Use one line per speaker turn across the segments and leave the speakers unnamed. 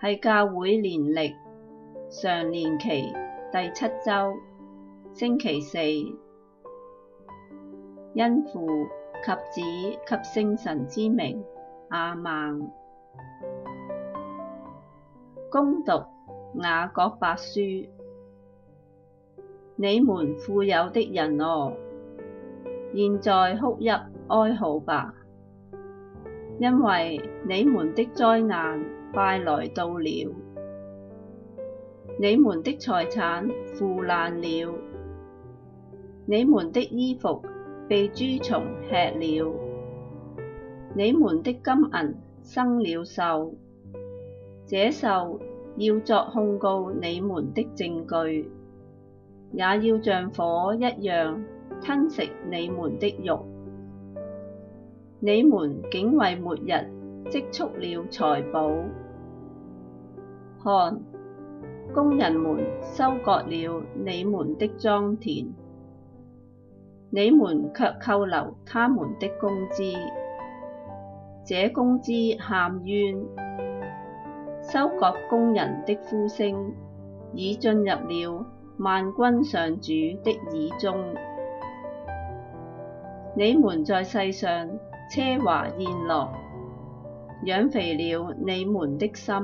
係教會年曆常年期第七週星期四，因父及子及聖神之名亞孟，恭讀雅各伯書，你們富有的人哦，現在哭泣哀號吧，因為你們的災難快來到了！你們的財產腐爛了，你們的衣服被蛀蟲吃了，你們的金銀生了銹，這銹要作控告你們的證據，也要像火一樣吞食你們的肉。你們竟為末日！積蓄了財寶，看，工人們收割了你們的莊田，你們卻扣留他們的工資。這工資喊冤，收割工人的呼聲，已進入了萬軍上主的耳中。你們在世上奢華宴樂。養肥了你們的心，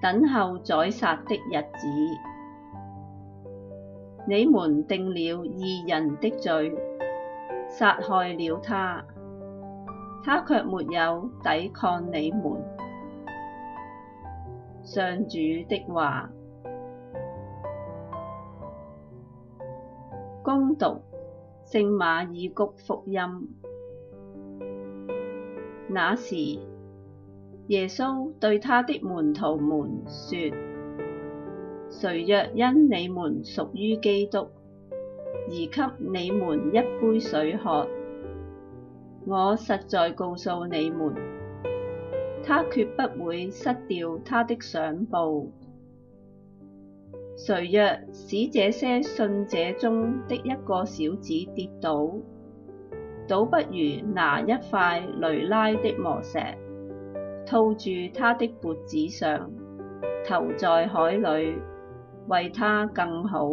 等候宰殺的日子。你們定了義人的罪，殺害了他，他卻沒有抵抗你們。上主的話。恭讀《聖馬爾谷福音》。那時，耶穌對他的門徒們說：誰若因你們屬於基督而給你們一杯水喝，我實在告訴你們，他決不會失掉他的賞報。誰若使這些信者中的一個小子跌倒，倒不如拿一塊驢拉的磨石，套住他的脖子上，投在海裏，為他更好。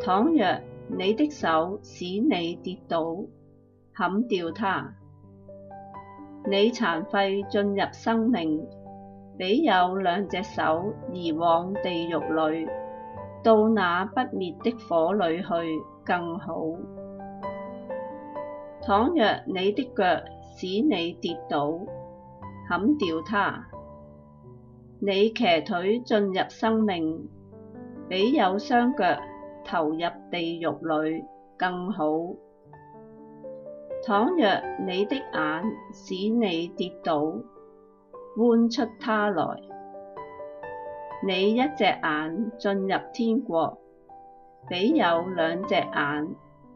倘若你的手使你跌倒，砍掉它，你殘廢進入生命，比有兩隻手而往地獄裏，到那不滅的火裏去更好。倘若你的腳使你跌倒，砍掉它，你瘸腿進入生命，比有雙腳投入地獄裏更好。倘若你的眼使你跌倒，剜出它來，你一隻眼進入天國，比有兩隻眼。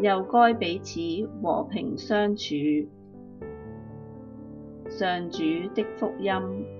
又該彼此和平相處，上主的福音。